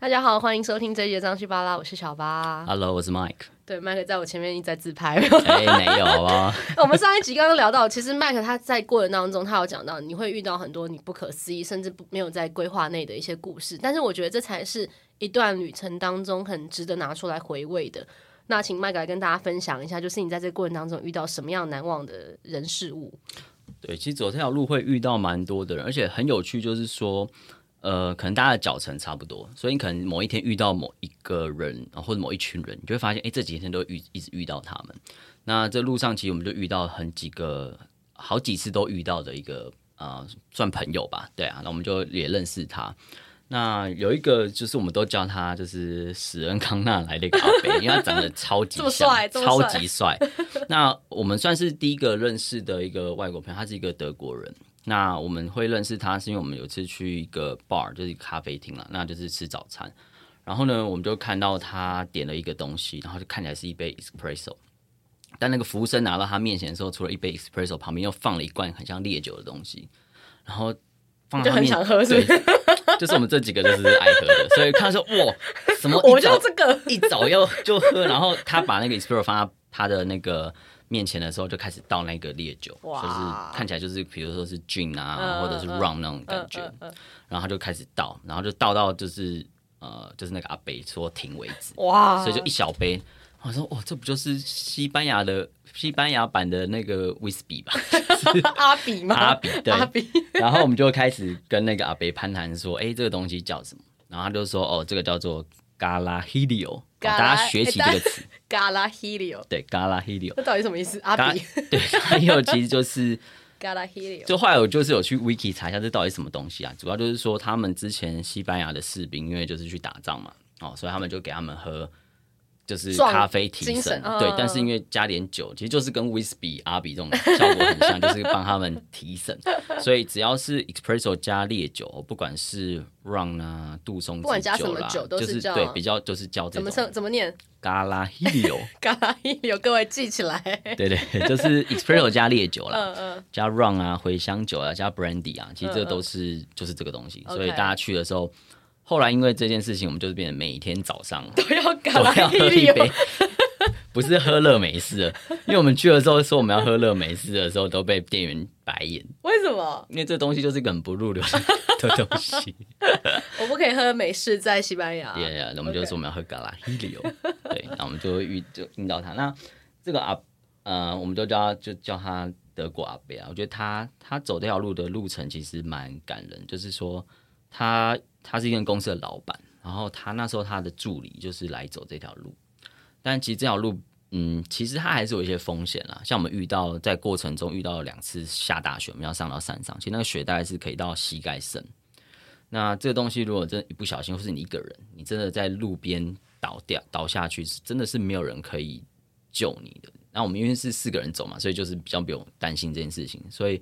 大家好，歡迎收聽這一集的張西八拉，我是小巴。Hello，我是 Mike 對。對，Mike 在我前面一直在自拍。哎，Hey, 沒有啊。好吧 我們上一集剛剛聊到，其實 Mike 他在過程當中，他有講到你會遇到很多你不可思議，甚至不沒有在規劃內的一些故事。但是我覺得這才是一段旅程當中很值得拿出來回味的。那請 Mike 來跟大家分享一下，就是你在這個過程當中遇到什麼樣難忘的人事物？對，其實走這條路會遇到蠻多的人，而且很有趣，就是說。呃，可能大家的腳程差不多，所以你可能某一天遇到某一個人，或者某一群人，你就會發現，哎、欸，這幾天都遇一直遇到他們。那這路上其實我們就遇到很幾個，好幾次都遇到的一個，呃，算朋友吧，對啊。那我們就也認識他。那有一個就是我們都叫他就是史恩康納萊的咖啡，因為他長得超級 帥，帥超級帥。 那我們算是第一個認識的一個外國朋友，他是一個德國人。那我們會認識他，是因為我們有次去一個 bar，就是一個咖啡廳啦，那就是吃早餐。然後呢，我們就看到他點了一個東西，然後就看起來是一杯 espresso。但那個服務生拿到他面前的時候，除了一杯 espresso，旁邊又放了一罐很像烈酒的東西，然後放在他面前。就很想喝，所以就是我們這幾個就是愛喝的。所以他說：“哇，什麼？我就這個一早要就喝。”然後他把那個 espresso 放在他的那個。面前的時候就開始倒那個烈酒。哇就是看起來就是，比如說是 gin 啊，啊或者是 rum 那種感覺，啊啊啊啊啊、然後他就開始倒，然後就倒到，到就是呃，就是那個阿北說停為止，哇，所以就一小杯。嗯、我說，哇、哦，這不就是西班牙的西班牙版的那個維士比吧？就是、 阿比嗎？阿比，對阿比。 然後我們就開始跟那個阿北攀談，說，哎、欸，這個東西叫什麼？然後他就說，哦，這個叫做。嘎拉希里奧，大家學習這個詞。嘎拉希里奧，對，嘎拉希里奧，這、ah、到底什麼意思？阿比，對，還有其實就是嘎拉希里奧。 ah、il 就後來我就是有去 wiki 查一下，這到底什麼東西啊？主要就是說他們之前西班牙的士兵，因為就是去打仗嘛，哦，所以他們就給他們喝。就是咖啡提神，對，但是因為加點酒，其實就是跟維士比、阿比這種效果很像， 就是幫他們提神。所以只要是 espresso 加烈酒，不管是 rum 啊、杜松子酒啦，都是就是對比較就是叫怎麼稱怎麼念？嘎拉希油，嘎拉希油，各位記起來。 對對，就是 espresso 加烈酒啦，嗯嗯、加 rum 啊、茴香酒啊、加 brandy 啊，其實這個都是、嗯、就是這個東西。嗯、所以大家去的時候。Okay. 後來因為這件事情，我們就是變成每天早上都要，都要喝 carajillo， 不是喝樂美式，因為我們去了之後說我們要喝樂美式的時候，都被店員白眼。為什麼？因為這東西就是一個很不入流的東西。 我不可以喝美式在西班牙。對呀，那我們就說我們要喝 carajillo。對，那我們就會遇就遇到他。那這個啊呃，我們就叫他就叫他德國阿伯啊。我覺得他他走這條路的路程其實蠻感人，就是說他。他是一間公司的老闆，然後他那時候他的助理就是來走這條路，但其實這條路，嗯，其實他還是有一些風險啦。像我們遇到在過程中遇到了兩次下大雪，我們要上到山上，其實那個雪大概是可以到膝蓋深。那這個東西如果真的一不小心，或是你一個人，你真的在路邊倒掉倒下去，真的是沒有人可以救你的。那我們因為是四個人走嘛，所以就是比較不用擔心這件事情，所以。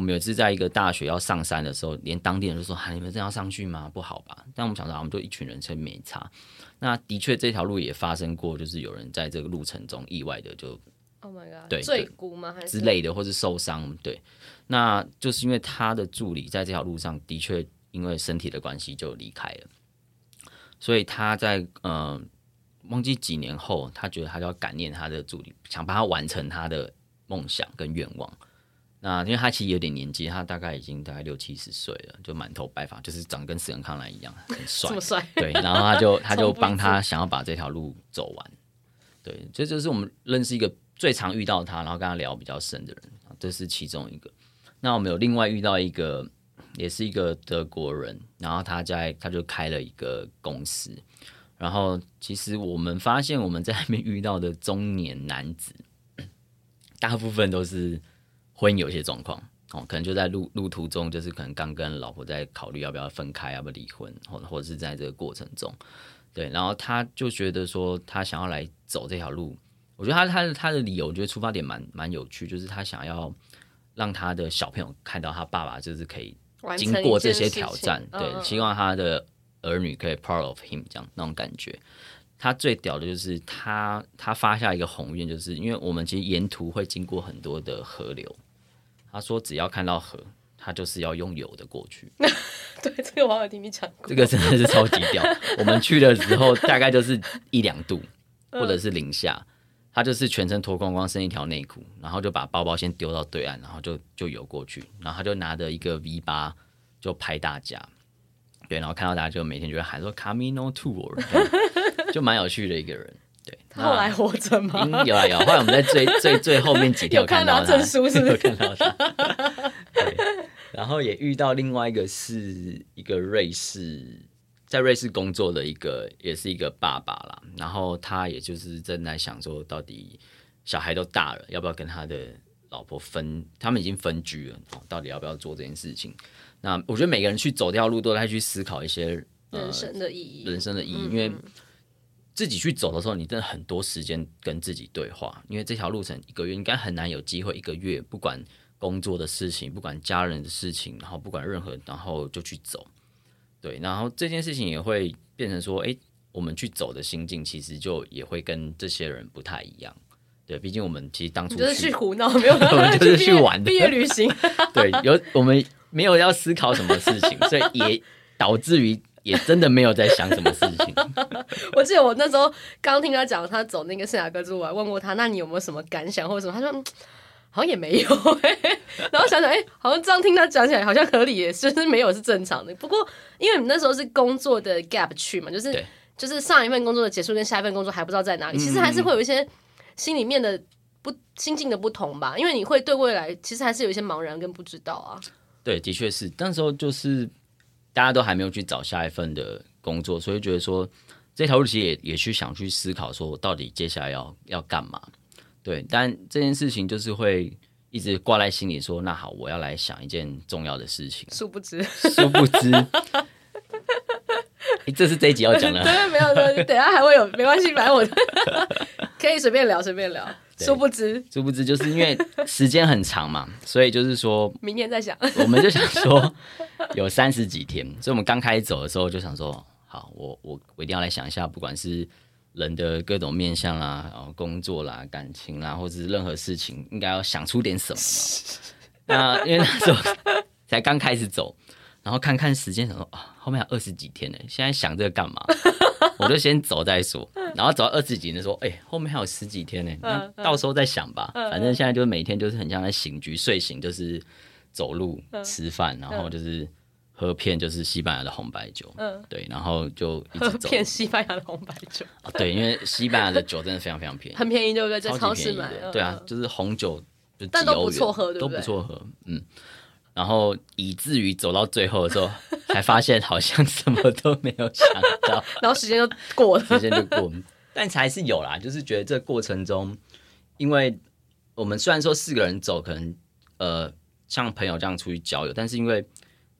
我們有一次在一個大學要上山的時候，連當地人都說：“啊，你們真要上去嗎？不好吧？”但我們想到、啊，我們就一群人才沒差。那的確這條路也發生過，就是有人在這個路程中意外的就，Oh my God，對，最古嗎？還是之類的，或是受傷？對，那就是因為他的助理在這條路上的確因為身體的關係就離開了，所以他在嗯、呃，忘記幾年後，他覺得他就要感念他的助理，想幫他完成他的夢想跟願望。那因為他其實有點年紀，他大概已經大概六七十歲了，就滿頭白髮，就是長得跟史恩康納萊一樣，很帥。 這麼帥帥？ 對，然後他就他就幫他想要把這條路走完。對，這就是我們認識一個最常遇到他、然後跟他聊比較深的人，這是其中一個。那我們有另外遇到一個，也是一個德國人，然後他在他就開了一個公司。然後其實我們發現我們在那邊遇到的中年男子，大部分都是。婚姻有些狀況哦，可能就在路路途中，就是可能剛跟老婆在考慮要不要分開，要不要離婚，或或者是在這個過程中，對，然後他就覺得說他想要來走這條路，我覺得他他他的理由，我覺得出發點蠻蠻有趣，就是他想要讓他的小朋友看到他爸爸就是可以經過這些挑戰，對，嗯，希望他的兒女可以 proud of him 這樣那種感覺。他最屌的就是他他發下一個宏願，就是因為我們其實沿途會經過很多的河流。他說：“只要看到河，他就是要用游的過去。” 對，這個網友聽你講過，這個真的是超級屌。 我們去的時候大概就是一兩度， 或者是零下，他就是全程脫光光，剩一條內褲，然後就把包包先丟到對岸，然後就就游過去，然後他就拿着一個 V8 就拍大家，對，然後看到大家就每天就會喊說 Camino Tour，就蠻有趣的一個人。後來，活着嗎？有啊有，後來我們在最最最後面幾條看到證書，是不是？有看到他。然後也遇到另外一個是一個瑞士，在瑞士工作的一個，也是一個爸爸啦。然後他也就是正在想說，到底小孩都大了，要不要跟他的老婆分？他們已經分居了，哦，到底要不要做這件事情？那我覺得每個人去走這條路，都在去思考一些人生的意義，呃，人生的意義，嗯、因為。自己去走的時候，你真的很多時間跟自己對話，因為這條路程一個月應該很難有機會。一個月不管工作的事情，不管家人的事情，然後不管任何，然後就去走。對，然後這件事情也會變成說，哎，我們去走的心境其實就也會跟這些人不太一樣。對，畢竟我們其實當初是就是去胡鬧，沒有 我們就是去玩的，就畢業，畢業旅行， 對，有我們沒有要思考什麼事情，所以也導致於。也真的沒有在想什麼事情。 我記得我那時候剛聽他講，他走那個聖雅各之後，我還問過他，那你有沒有什麼感想或什麼？他說好像也沒有、欸。然後想想，哎、欸，好像這樣聽他講起來，好像合理、欸，甚、就是沒有是正常的。不過，因為你那時候是工作的 gap 去嘛，就是對就是上一份工作的結束跟下一份工作還不知道在哪裡，其實還是會有一些心裡面的不心境的不同吧。因為你會對未來其實還是有一些茫然跟不知道啊。對，的確是，那時候就是。大家都還沒有去找下一份的工作，所以覺得說這條路其實也也去想去思考說我到底接下來要要幹嘛？對，但這件事情就是會一直掛在心裡說，說那好，我要來想一件重要的事情。殊不知，殊不知， 這是這一集要講的。 對，沒有，沒有，等一下還會有，沒關係，買我的。 可以隨便聊，隨便聊。對殊不知，殊不知，就是因為時間很長嘛， 所以就是說，明天再想。 我們就想說，有三十幾天，所以我們剛開始走的時候就想說，好，我我我一定要來想一下，不管是人的各種面相啦，然後工作啦、感情啦，或者是任何事情，應該要想出點什麼。 那因為那時候才剛開始走，然後看看時間什麼，後面還有二十幾天呢，現在想這個幹嘛？ 我就先走再說，然後走到二十幾，就說：“哎，欸，後面還有十幾天呢，欸，那到時候再想吧。嗯嗯，反正現在就是每天就是很像在醒局，睡醒就是走路，嗯，吃飯，然後就是喝遍就是西班牙的紅白酒，嗯，對，然後就一直走喝遍西班牙的紅白酒，啊，對，因為西班牙的酒真的非常非常便宜， 很便宜，對不對？超市買，對啊，就是紅酒就是幾歐元，但都不錯喝對不對，都不錯喝，嗯，然後以至於走到最後的時候。” 才發現好像什麼都沒有想到， 然後時間就過了，時間就過了。但還是有啦，就是覺得這過程中，因為我們雖然說四個人走，可能呃像朋友這樣出去交友，但是因為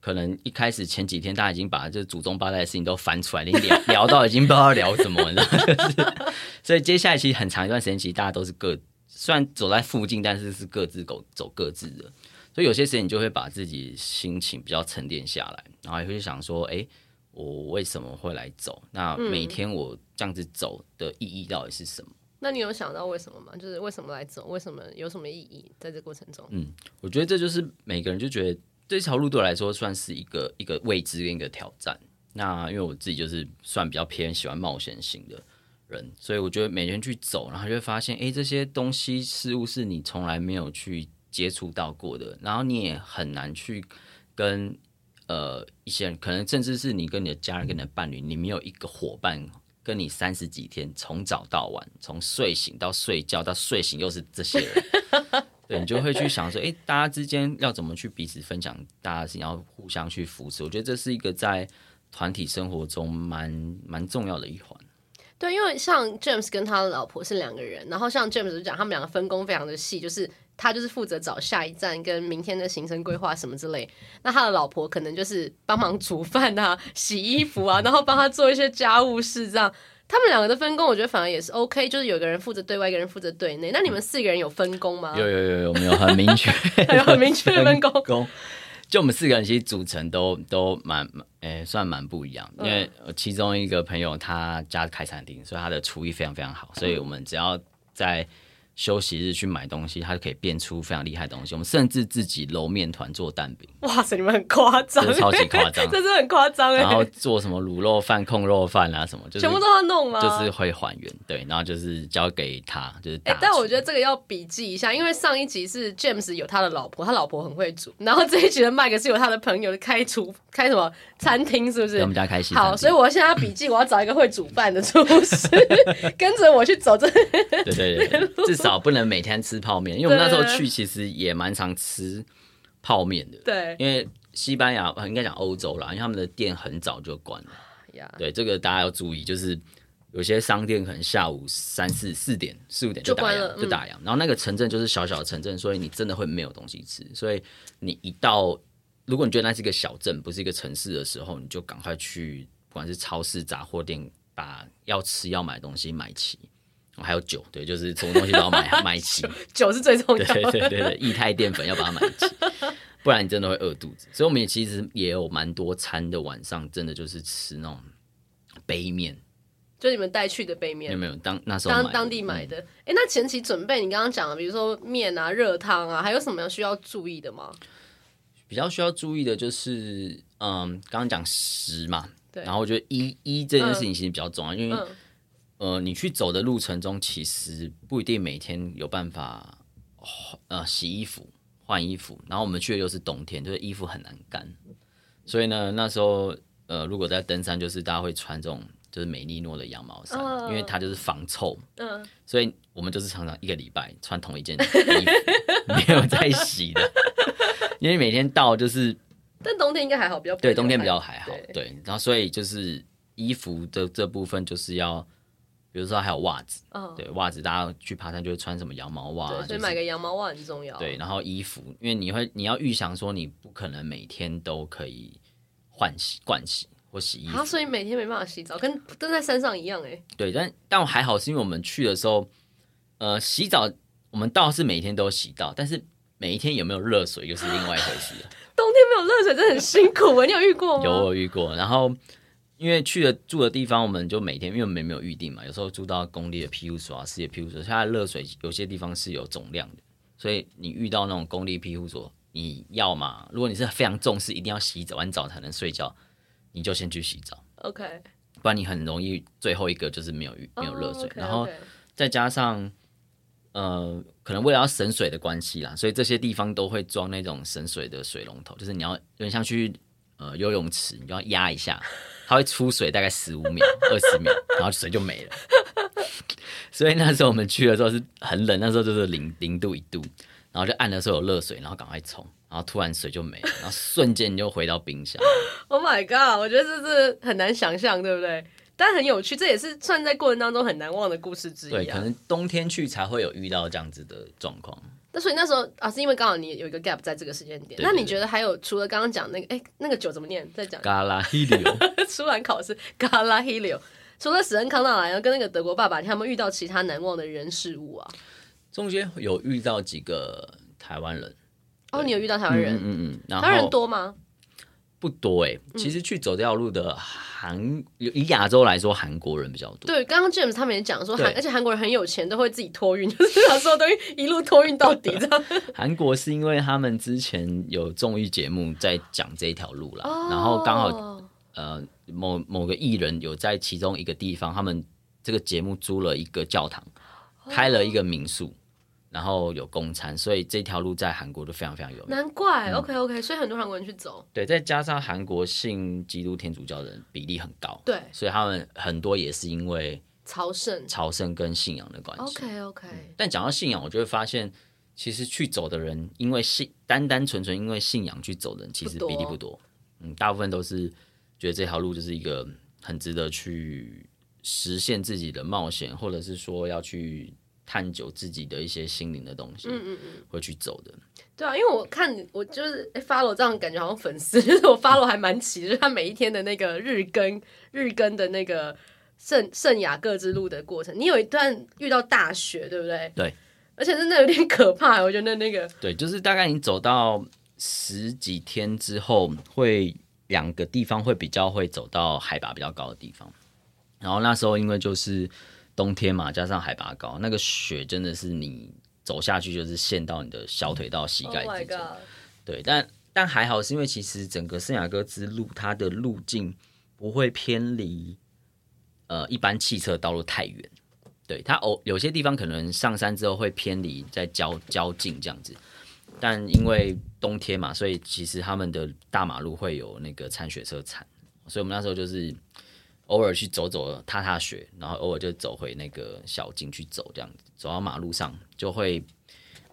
可能一開始前幾天大家已經把這祖宗八代的事情都翻出來，連聊聊到已經不知道聊什麼了。 所以接下來其實很長一段時間，其實大家都是各，雖然走在附近，但是是各自走走各自的。所以有些時候你就會把自己心情比較沉澱下來，然後也會想說：哎、欸，我為什麼會來走？那每天我這樣子走的意義到底是什麼、嗯？那你有想到為什麼嗎？就是為什麼來走？為什麼有什麼意義？在這過程中，嗯，我覺得這就是每個人就覺得這條路對我來說算是一個一個未知跟一個挑戰。那因為我自己就是算比較偏喜歡冒險型的人，所以我覺得每天去走，然後就會發現，哎、欸，這些東西事物是你從來沒有去。接觸到過的，然後你也很難去跟呃一些人可能，甚至是你跟你的家人、跟你的伴侶，你沒有一個夥伴跟你三十幾天，從早到晚，從睡醒到睡覺到睡醒又是這些人， 對，你就會去想說，哎、欸，大家之間要怎麼去彼此分享，大家是要互相去扶持。我覺得這是一個在團體生活中蠻蠻重要的一環。對，因為像 James 跟他的老婆是兩個人，然後像 James 就講，他們兩個分工非常的細，就是。他就是負責找下一站跟明天的行程規劃什麼之類，那他的老婆可能就是幫忙煮飯啊、洗衣服啊，然後幫他做一些家務事，這樣他們兩個的分工，我覺得反而也是 OK，就是有個人負責對外，一個人負責對內。那你們四個人有分工嗎？有有有，沒有很明確有， 有很明確的分工。就我們四個人其實組成都都蠻，誒，算蠻不一樣的，因為其中一個朋友他家開餐廳，所以他的廚藝非常非常好，所以我們只要在。休息日去買東西，他就可以變出非常厲害的東西。我們甚至自己揉麵團做蛋餅。哇塞，你們很誇張，超級誇張，真 是很誇張、欸、然後做什麼滷肉飯、控肉飯啊什麼，就是、全部都要弄嗎？就是會還原，對，然後就是交給他，就是。哎、欸，但我覺得這個要筆記一下，因為上一集是 James 有他的老婆，他老婆很會煮，然後這一集的 Mike 是有他的朋友開廚，開什麼餐廳，是不是？我們家開心。好，所以我現在要筆記， 我要找一個會煮飯的廚師， 跟着我去走這。對，對對對，至少。啊，不能每天吃泡麵，因為我們那時候去其實也蠻常吃泡麵的。對，因為西班牙應該講歐洲啦，因為他們的店很早就關了。Yeah. 對，這個大家要注意，就是有些商店可能下午三四四點四五點就打烊，就，就打烊。嗯、然後那個城鎮就是小小的城鎮，所以你真的會沒有東西吃。所以你一到，如果你覺得那是一個小鎮，不是一個城市的時候，你就趕快去，不管是超市、雜貨店，把要吃要買的東西買齊。還有酒，對，就是什麼東西都要買買齊。 酒是最重要。對對對對，液態澱粉要把它買齊， 不然你真的會餓肚子。所以我們也其實也有蠻多餐的，晚上真的就是吃那種杯麵，就你們帶去的杯麵。有沒有，當那時候當當地買的。哎、嗯欸，那前期準備，你剛剛講的，比如說麵啊、熱湯啊，還有什麼要需要注意的嗎？比較需要注意的就是，嗯，剛剛講食嘛，對，然後我覺得衣衣這件事情其實比較重要，嗯、因為、嗯。呃，你去走的路程中，其實不一定每天有辦法呃洗衣服、換衣服。然後我們去的又是冬天，就是衣服很難乾，所以呢，那時候呃，如果在登山，就是大家會穿這種就是美麗諾的羊毛衫，因為它就是防臭。嗯，Oh, uh. 所以我們就是常常一個禮拜穿同一件衣服， 沒有再洗的。 因為每天到就是，但冬天應該還好，比較對冬天比較還好。對，對，然後所以就是衣服的這部分就是要。比如說還有襪子，oh. 對，襪子大家去爬山就會穿什麼羊毛襪，所以買個羊毛襪很重要。對，然後衣服，因為你會你要預想說你不可能每天都可以換洗、盥洗或洗衣服、啊、所以每天沒辦法洗澡，跟蹲在山上一樣哎。對，但但我還好，是因為我們去的時候，呃，洗澡我們倒是每天都洗到，但是每一天有沒有熱水又是另外一回事的。 冬天沒有熱水真的很辛苦，你有遇過嗎？ 有，我遇過，然後。因為去了住的地方，我們就每天因為沒沒有預定嘛，有時候住到公立的庇護所啊，私立庇護所，現在熱水有些地方是有總量的，所以你遇到那種公立庇護所，你要嘛，如果你是非常重視，一定要洗澡完澡才能睡覺，你就先去洗澡，OK，不然你很容易最後一個就是沒有沒有熱水，oh, okay, okay. 然後再加上呃，可能為了要省水的關係啦，所以這些地方都會裝那種省水的水龍頭，就是你要有點像去呃游泳池，你就要壓一下。 它會出水，大概十五秒、二十秒，然後水就沒了。 所以那時候我們去的時候是很冷，那時候就是零零度一度，然後就按的時候有熱水，然後趕快沖，然後突然水就沒了，然後瞬間就回到冰箱。 Oh my god！我覺得這是很難想象，對不對？但很有趣，這也是算在過程當中很難忘的故事之一啊。對，可能冬天去才會有遇到這樣子的狀況。那所以那時候，啊，是因為剛好你有一個 gap 在這個時間點。對對對，那你覺得還有除了剛剛講那個，哎、欸，那個酒怎麼念？再講。嘎啦黑流出完考試，嘎啦黑流除了史恩康納，然後跟那個德國爸爸，他們遇到其他難忘的人事物啊？中間有遇到幾個台灣人。哦，你有遇到台灣人，嗯，嗯嗯，然後台灣人多嗎？不多哎、欸，其實去走這條路的韓，嗯、以亞洲來說，韓國人比較多。對，剛剛 James 他們也講說韓，韓對，而且韓國人很有錢，都會自己托運， 就是他說都一路托運到底這樣。韓 國是因為他們之前有綜藝節目在講這一條路啦，Oh. 然後剛好呃某某個藝人有在其中一個地方，他們這個節目租了一個教堂，開了一個民宿。Oh. 然後有供餐，所以這條路在韓國都非常非常有名，難怪。嗯，OK OK，所以很多韓國人去走。對，再加上韓國信基督天主教的人比例很高，對，所以他們很多也是因為朝聖、朝聖跟信仰的關係。OK OK，嗯，但講到信仰，我就會發現，其實去走的人，因為信單單純純因為信仰去走的人，其實比例不多。不多，嗯，大部分都是覺得這條路就是一個很值得去實現自己的冒險，或者是說要去。探究自己的一些心靈的東西，嗯嗯嗯，會去走的。對啊，因為我看我就是、欸、follow 這樣，感覺好像粉絲，就是我 follow 還蠻齊， 就是他每一天的那個日更日更的那個聖聖雅各之路的過程。你有一段遇到大雪，對不對？對，而且真的有點可怕，我覺得那個。對，就是大概你走到十幾天之後，會兩個地方會比較會走到海拔比較高的地方，然後那時候因為就是。冬天嘛，加上海拔高，那個雪真的是你走下去就是陷到你的小腿到膝蓋之間。Oh、對，但但還好是因為其實整個聖雅各之路，它的路徑不會偏離呃一般汽車道路太遠。對，它有，有些地方可能上山之後會偏離在交交界這樣子，但因為冬天嘛，所以其實他們的大馬路會有那個鏟雪車鏟，所以我們那時候就是。偶爾去走走，踏踏雪，然後偶爾就走回那個小徑去走，這樣子走到馬路上就會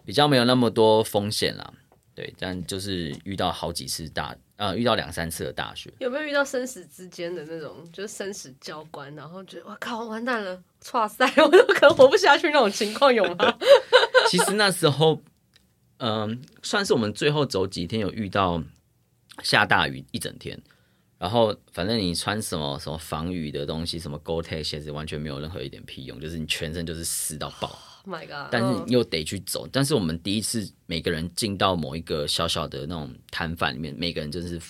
比較沒有那麼多風險啦。對，但就是遇到好幾次大，呃，遇到兩三次的大雪。有沒有遇到生死之間的那種，就是生死交關，然後覺得我靠，完蛋了，哇塞，我都可能活不下去那種情況有嗎？ 其實那時候，嗯、呃，算是我們最後走幾天有遇到下大雨一整天。然後反正你穿什麼什麼防雨的東西，什麼 Gore-Tex 鞋子，完全沒有任何一點屁用，就是你全身就是濕到爆、oh、my God, 但是你又得去走。Oh. 但是我們第一次每個人進到某一個小小的那種攤販裡面，每個人就是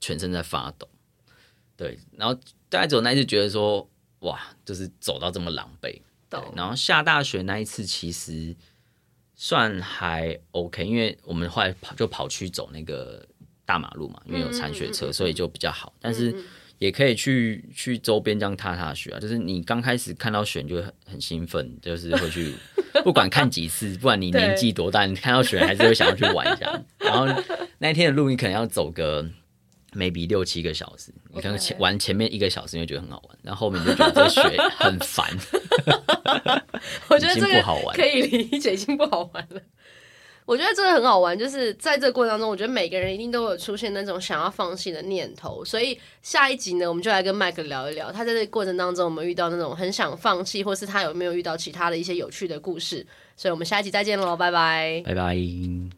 全身在發抖。對，然後大家走那一次覺得說，哇，就是走到這麼狼狽。對 oh. 然後下大雪那一次其實算還 OK，因為我們後來跑就跑去走那個。大馬路嘛，因為有鏟雪車，嗯嗯嗯嗯，所以就比較好。但是也可以去去周邊這樣踏踏雪啊。就是你剛開始看到雪就很很興奮，就是會去不管看幾次，不管你年紀多大，你看到雪還是會想要去玩一下。對 然後那天的路你可能要走個 maybe 六七個小時。Okay. 你可能前玩前面一個小時，因為覺得很好玩，然後後面就覺得這雪很煩，我覺得這不好玩，可以理解，已經不好玩了。我覺得真的很好玩，就是在這個過程當中，我覺得每個人一定都有出現那種想要放棄的念頭。所以下一集呢，我們就來跟 Mike 聊一聊，他在這個過程當中我們遇到那種很想放棄，或是他有沒有遇到其他的一些有趣的故事。所以我們下一集再見嘍，拜拜，拜拜。